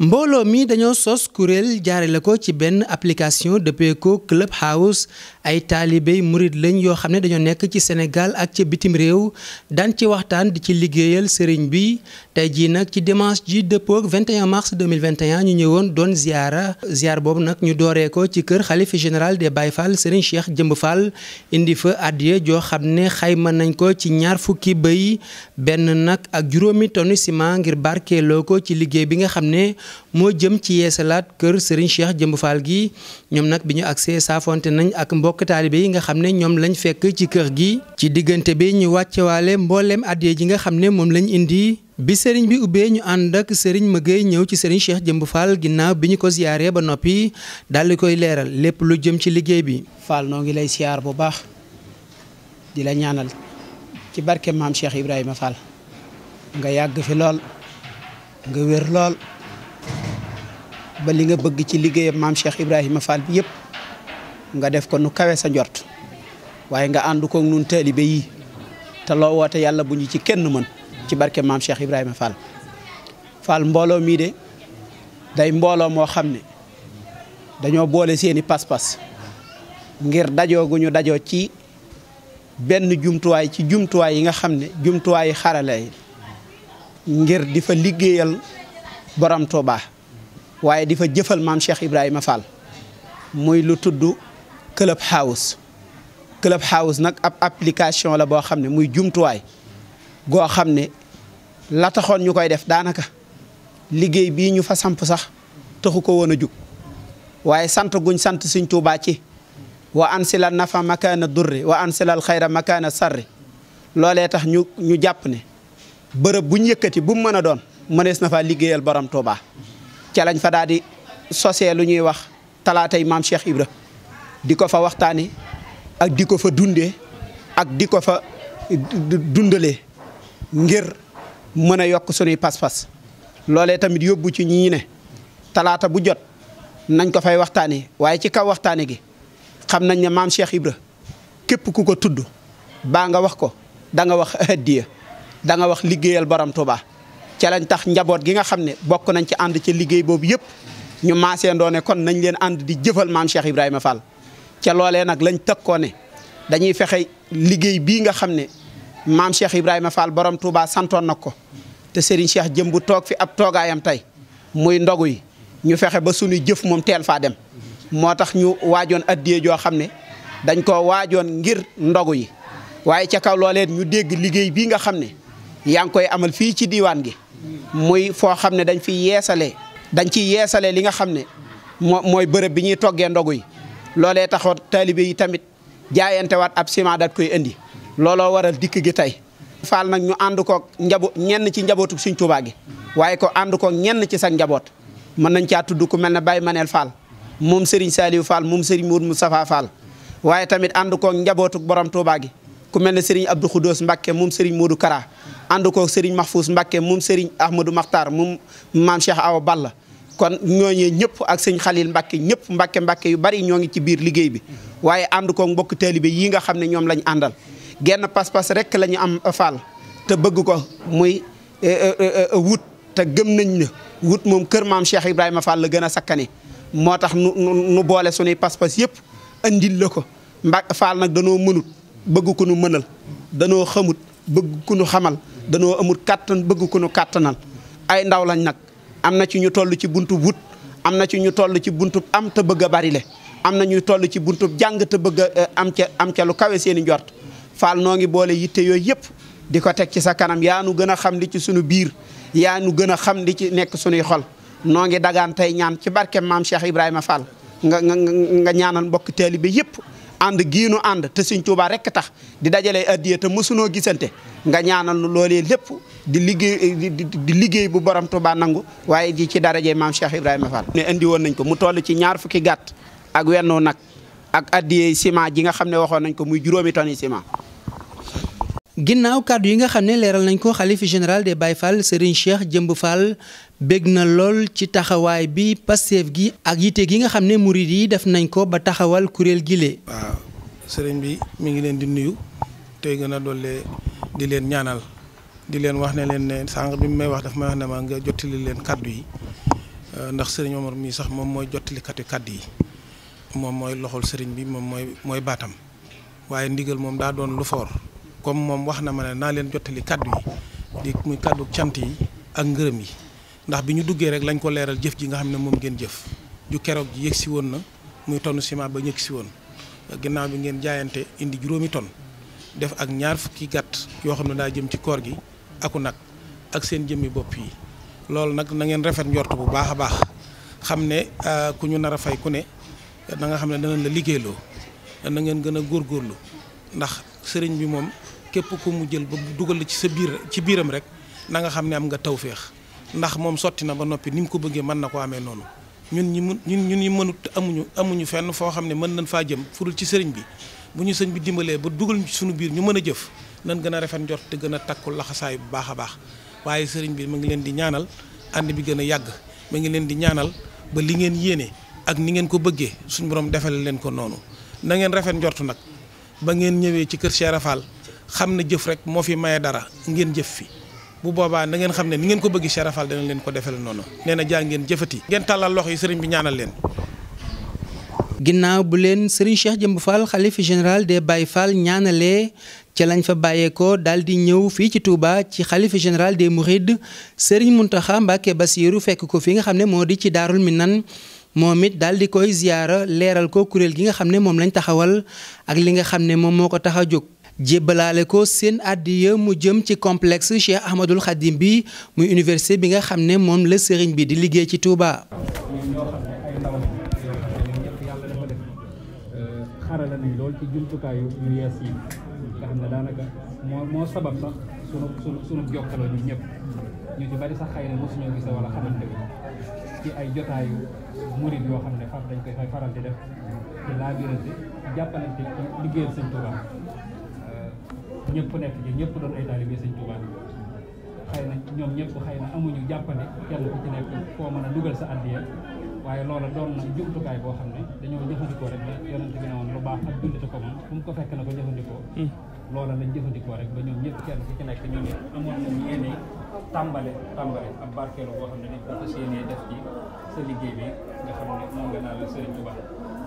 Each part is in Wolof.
mbooloo mi dañoo sos kuréel jaare la ko ci benn application dëppee ko e club house ay taalibey murit lañ yoo xam ne dañoo nekk ci Sénégal ak ci bitim réew daan ci waxtaan di ci liggéeyal sëriñ bi tey jii nag ci dimanche ji dëppook 21 mars 2021 ñu ñëwoon doon ziara ziar boobu nag ñu dooree ko ci kër xalifa général des Baye Fall sëriñ Cheikh Jëmb Fall indi fa addiya joo xam ne xayma nañ ko ci ñaar fukki bëy benn nag ak juróomi tonu ciment ngir barkeeloo ko ci liggéey bi nga xam ne moo jëm ci yeesalaat kër Serigne Cheikh Jëmb Fall gi ñoom nag bi ñu agsee saafonte nañ ak mbokk taalibe yi nga xam ne ñoom lañ fekk ci kër gi ci diggante bi ñu wàccewaale mbooleem addiya ji nga xam ne moom lañ indi bi sëriñ bi ubbee ñu ànd ak sëriñ Mëgëy ñëw ci sëriñ Cheikh Jëmb faal ginnaaw bi ñu ko ziyaaree ba noppi daal di koy leeral lépp lu jëm ci liggéey bi. Fall noo ngi lay ziar bu baax di la ñaanal ci barke maam Cheikh Ibrahima Fall nga ba li nga bëgg ci liggéeyam maam Cheikh Ibrahima Fall bi yëpp nga def ko nu kawe sa njort waaye nga ànd koog nun taalibe yi te loo woote yàlla bu ñu ci kenn mën ci barke maam Cheikh Ibrahima Fall Fall mbooloo mii de day mbooloo moo xam ne dañoo boole seeni pas-pas ngir dajoo gu ñu dajoo ci benn jumtuwaay ci jumtuwaay yi nga xam ne jumtuwaay yi xarala yi ngir di fa liggéeyal borom Tuubaa waaye di fa jëfal maam Cheikh Ibrahima Fall muy lu tudd Club House. Club House nag ab application la boo xam ne muy jumtuwaay goo xam ne la taxoon ñu koy def daanaka liggéey bii ñu fa samp sax taxu ko woon a jug waaye sant guñ sant Sëñ Tuubaa ci wa ansila nafam makaana durri wa ansilal xayra makaana sarri loolee tax ñu ñu jàpp ne bërëb buñ yëkkati bu mu mën a doon mënees na faa liggéeyal borom Tuubaa ca lañ fa daal di sosee lu ñuy wax talaatay maam Cheikh Ibra di ko fa waxtaane ak di ko fa dundee ak di ko fa dundalee ngir mën a yokk sunuy pas-pas loolee tamit yóbbu ci ñii ne talaata bu jot nañ ko fay waxtaanee waaye ci kaw waxtaane gi xam nañ ne maam Cheikh Ibra képp ku ko tudd baa nga wax ko danga nga wax addiya da nga wax liggéeyal borom Tuubaa ca lañ tax njaboot gi nga xam ne bokk nañ ci ànd ci liggéey boobu yëpp ñu maasee ndoone kon nañu leen ànd di jëfal maam Cheikh Ibrahima Fall ce loolee nag lañ tëkkoo ne dañuy fexe liggéey bii nga xam ne maam Cheikh Ibrahima Fall borom Touba santoon nag ko te Serigne Cheikh jëm bu toog fi ab toogaayam tey muy ndogu yi ñu fexe ba suñu jëf moom teel faa dem moo tax ñu waajoon addiye joo xam ne dañ koo waajoon ngir ndogu yi waaye ca kaw loolee ñu dégg liggéey bii nga xam ne yaa ngi koy amal fii ci diiwaan gi muy foo xam ne dañ fi yeesale dañ ciy yeesale li nga xam ne moo mooy bërëb bi ñuy toggee ndogu yi loolee taxoon taalibe yi tamit jaayantewaat ab ciment daat koy indi looloo waral dikk gi tey faal nag ñu ànd kook njabo ñenn ci njabootu Sëñ Tuubaa gi waaye ko ànd koog ñenn ci sa njaboot mën nañ caa tudd ku mel ne Baye Manel Fall moom Serigne Saliou Fall moom Serigne mu Moustapha Fall waaye tamit ànd kook njabootu borom Tuubaa gi ku mel ne Serigne Abdou Khoudous Mbacke moom Serigne Modou Kara ànd ko Serigne Mahfous Mbacke moom Serigne Ahmadou Makhtar moom maam aw Awa la kon ñooñee ñëpp ak sëñ Khalil Mbacke ñëpp Mbacke Mbacke yu bari ñoo ngi ci biir liggéey bi waaye ànd ko mbokk taalibe yi nga xam ne ñoom lañ àndal genn pas-pas rek la ñu am faal te bëgg ko muy eh, eh, eh, wut te gëm nañ ne wut moom kër maam Cheikh Ibrahima Fall la gën a sakkane moo tax nu nu boole sunuy pas-pas yëpp andil la ko Mbacke Fall nag danoo mënut bëgg ko nu mënal danoo xamut bëgg ku nu xamal danoo amul kàttan bëgg ku nu kàttanal ay ndaw lañ nag am na ci ñu toll ci buntub wut am na ci ñu toll ci buntub am te bëgg a bari le am na ñuy toll ci buntub jàng te bëgg a eh, am ca am ca lu kawe seen i njort faal noo ngi boole yitte yooyu yëpp di ko teg ci sa kanam yaa nu gën a xam di ci sunu biir yaa nu gën a xam di ci nekk sunuy xol noo ngi dagaan ñaan ci barke maam Cheikh Ibrahima Fall nga nga nga ñaanal mbokk taalibe yëpp ànd giinu ànd te Sëñ Tuubaa rekk tax di dajale addiya te mësunoo gisante nga ñaanal nu loole lépp di liggéey di liggéey bu borom Tuubaa nangu waaye ji ci daraje maam Cheikh Ibrahima Fall ne indi woon nañ ko mu toll ci ñaar fukki gàtt ak wennoo nag ak addiyey ciment ji nga xam ne waxoon nañ ko muy juróomi tonni ciment ginnaaw kàddu yi nga xam ne leeral nañ ko xalif général des Baye Fall Serigne Cheikh Jëmb fal bég na lool ci taxawaay bi Pastef gi ak yite gi nga xam ne murid yi def nañ ko ba taxawal kuréel gile. waaw sëriñ bi mi ngi leen di nuyu tey gën a doole di leen ñaanal di leen wax ne leen sànq bi mu may wax daf may wax ne ma leen kàddu yi euh, ndax sëriñ Omar mii sax moom mooy jottalikatu kàddu yi moom mooy loxol sëriñ bi moom mooy mooy baatam waaye ndigal moom daa doon lu foor. comme moom wax na ma ne naa leen jottali kàddu yi di muy kàddu cant yi ak ngërëm yi ndax bi ñu duggee rek lañ ko leeral jëf ji nga xam ne moom ngeen jëf ju keroog ji yëg si woon na muy tonn ciment ba ñëg si woon ginnaaw bi ngeen jaayante indi juróomi ton def ak ñaar fukki gàtt yoo xam ne daa jëm ci koor gi aku nag ak seen jëmmi bopp yi loolu nag na ngeen rafet njort bu baax a baax xam ne euh, ku ñu nar a fay ku ne da nga xam ne danañ la liggéeyloo na ngeen gën a góorgóorlu ndax sëriñ bi moom képp ku mu jël ba dugal ci sa biir ci biiram rek na nga xam ne am nga tawféex ndax moom sotti na ba noppi ni mu ko bëggee mën na ko amee noonu ñun ñi mun ñun ñun ñi mënut amuñu amuñu fenn foo xam ne mën nañ faa jëm furul ci sëriñ bi bu ñu sëñ bi dimbalee ba dugal suñu biir ñu mën a jëf nan gën a rafet njort te gën a takku laxasaay bu baax a baax waaye sëriñ bi mu ngi leen di ñaanal ànd bi gën a yàgg mu ngi leen di ñaanal ba li ngeen yéene ak ni ngeen ko bëggee suñu borom defal leen ko noonu na ngeen rafet njort nag ba ngeen ñëwee ci kër Cheikh Rafal xam ne jëf rek moo fi maye dara ngeen jëf fi bu boobaa na ngeen xam ne ni ngeen ko bëgg Cheikh Rafal dana leen ko defal noonu nee na jaa ngeen jëfati. ngeen tàllal loxo yi sëriñ bi ñaanal leen. ginnaaw bu leen sëriñ Cheikh Jëmb Fall xalifa général de Baye Fall ñaanalee ca lañ fa bàyyeekoo daal di ñëw fii ci Touba ci xalifa général des Mourides sëriñ Mountakha Mbacké Bassirou fekk ko fii nga xam ne moo di ci Daarul Minan moom it daal di koy ziyaara leeral ko kuréel gi nga xam ne moom lañ taxawal ak li nga xam ne moom moo ko taxa jóg jébbalaale ko seen àddiya mu jëm ci complex Cheikh Ahmadul Khadim bi muy université bi nga xam ne moom la sëriñ bi di liggéey ci Touba. xarala nañ lool ci jumtukaayu ci ay jotaayu murid yoo xam ne far dañ koy fay faral di def laa ci laabirante jàppalante ci liggéeyal sëñ Touba ñëpp nekk ci ñëpp doon ay taalibe sëñ Touba xëy na ñoom ñëpp xëy na amuñu jàppale kenn ku ci nekk foo mën a dugal sa addiya waaye loola doon na jumtukaay boo xam ne dañoo jëfandikoo rek la yonent bi lu baax ak jullite ko moom ko fekk na ko jëfandikoo hmm. loola lañ jëfandikoo rek ba ñoom ñëpp kenn ku ci nekk ñoom it amoon nañ yéene tàmbale tàmbale ab barkeelu boo xam ne dañ ko fas def ci sa liggéey bi nga xam ne moom nga naan la Sëriñ Tuubaa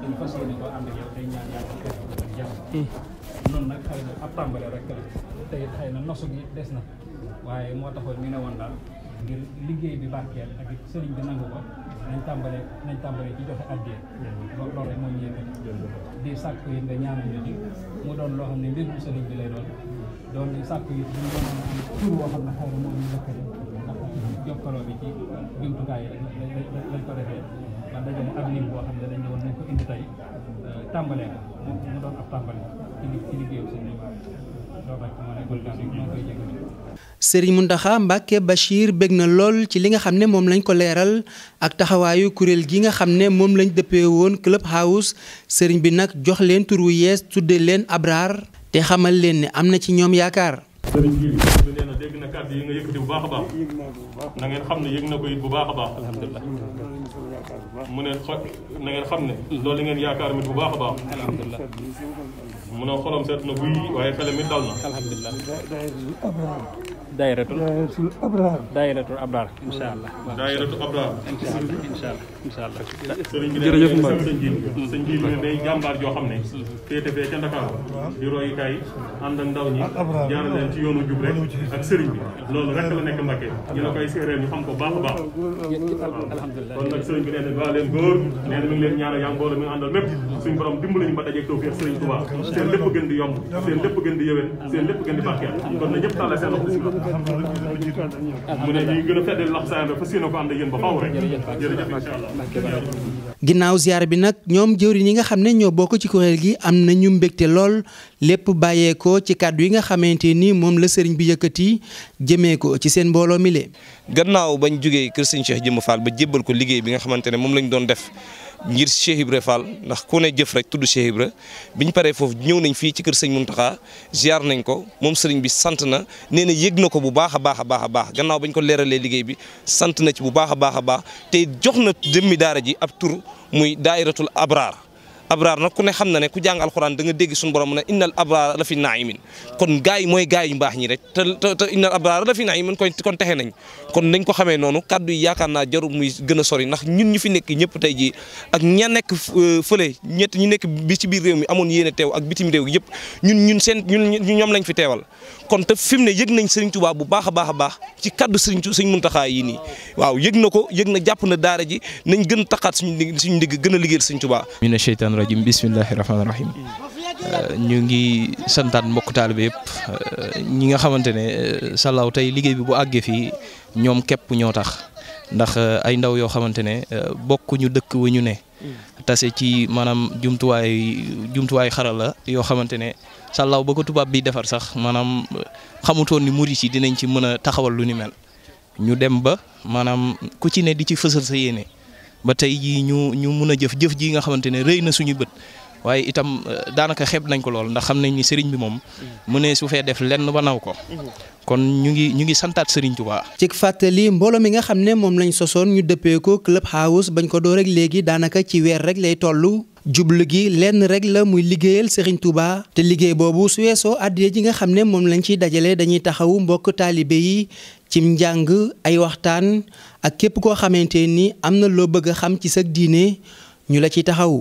dañu fas yéene ko ànd ak yow tey ñaan yàlla kër gi ak jàmm nag xëy na ab tàmbale rek la te it xëy na nosu gi des na waaye moo taxoon ñu ne woon daal ngir liggéey bi barkeel ak it sëriñ bi nangu ko nañ tàmbalee nañ tàmbalee ci joxe addiya loolu rek moo ñu yëkkati di sàkku yi nga ñaanal ñu ci mu doon loo xam ne mbir mu sëriñ bi lay doon doon di sàkku yi ñu doon boo xam ne xëy na moom ñu bi ci jumtukaay yi lañ ko defee ndax dajale ab lim boo xam ne dañ ñëwoon nañ ko indi tey tàmbalee ko mu doon ab tàmbale ci liggéeyu sëriñ bi Sëriñ ndaxa Mbacké Bachir bég na lool ci li nga xam ne moom lañ ko leeral ak taxawaayu kuréel gi nga xam ne moom lañ dëppee woon club house sëriñ bi nag jox leen tur wu yees tuddee leen Abraar te xamal leen ne am na ci ñoom yaakaar. sëriñ bi mu ne xolam seet na buy waaye xelam it dal na. alhamdulilah. daayiratul abraar. daayiratul. daayiratul abraar. daayiratul abraar. incha allah daayiratul abraar. incha allah incha allah incha allah. jërëjëf Mbaye sëriñ bi ne joo xam ne. féete fee ca Ndakaaru. di royukaay ànd ak ndaw ñi. jaar leen ci yoonu jub rek ak sëriñ bi. loolu rek la nekk Mbacke ñu la koy séeréer ñu xam ko baax a baax. alhamdulilah kon nag sëriñ bi nee na ba leen góor nee na mi ngi leen ñaanal yaa ngi mbooloo mi àndal mépp suñu borom dimbali ñu ba dajeeg tawfeex sëriñ seen lépp ginnaaw ziar bi nag ñoom jëwriñ yi nga xam ne ñoo ko ci kuréel gi am na ñu mbegte lool lépp bàyyeekoo ci kàddu yi nga xamante ni moom la sëriñ bi yëkkati jëmee ko ci seen mbooloo mi le gannaaw bañ jógee kër sëriñ Cheikh Jëmm Fall ba jébbal ko liggéey bi nga xamante ne moom lañu doon def ngir Cheikh Ibra Fall ndax ku ne jëf rek tudd Cheikh Ibra biñ pare foofu ñëw nañ fii ci kër sëñ mun Mountakha ziar nañ ko moom sëriñ bi sant na nee na yëg na ko bu baax a baax a baax a baax gannaaw bañ ko leeralee liggéey bi sant na ci bu baax a baax a baax te jox na jëmmi daara ji ab tur muy daayiratul abraar abraar nag ku ne xam na ne ku jàng alxuraan da nga dégg suñu borom mu ne innal abraar la fi naimin kon gaa yi mooy gaa yu mbaax ñi rek te te innal abraar la fi naimin kon kon texe nañ kon nañ ko xamee noonu kaddu yi yaakaar naa jaru muy gën a sori ndax ñun ñu fi nekk ñëpp tey jii ak ña nekk euh, fële ñett ñu nekk bi ci biir réew mi amoon yéene teew ak bitim réew yëpp ñun ñun seen ñun ñoom lañ fi teewal kon te fi mu ne yëg nañ Serigne Touba bu baax a baax a baax ci kaddu Serigne Serigne Mountakha yi nii waaw yëg na ko yëg na jàpp na daara ji nañ gën taqaat suñu suñu ndigg gën a liggéeyal Serigne Touba rajim bismillahi rahmaani rahim euh, ñu ngi santaat mbokk taalibe yëpp euh, ñi nga xamante ne euh, Salaw tey liggéey bi bu àggee fii ñoom képp ñoo tax ndax ay ndaw yoo xamante ne bokk ñu dëkk wu ñu ne tase ci maanaam jumtuwaay jumtuwaay xarala yoo xamante ne Salaw ba ko tubaab bi defar sax maanaam xamutoon ni murit yi dinañ ci mën a taxawal lu ni mel ñu dem ba maanaam ku ci ne di ci fësal sa yéene ba tey jii ñu ñu mun a jëf jëf ji nga xamante ne rëy na suñu bët waaye itam euh, daanaka xeeb nañ ko lool ndax xam nañ ni sëriñ bi moom mu ne su fee def lenn ba naw ko kon ñu ngi ñu ngi santaat sëriñ Tuubaa ci fàttali mbooloo mi nga xam ne moom lañ sosoon ñu dëppee ko club house bañ ko doo rek léegi daanaka ci weer rek lay tollu jublu gi lenn rek la muy liggéeyal Serigne tubaa te liggéey boobu su weesoo àddiya ji nga xam ne moom lañ ciy dajale dañuy taxawu mbokk taalibe yi cim njàng ay waxtaan ak képp koo xamante ni am na loo bëgga xam ci sa diine ñu la ci taxawu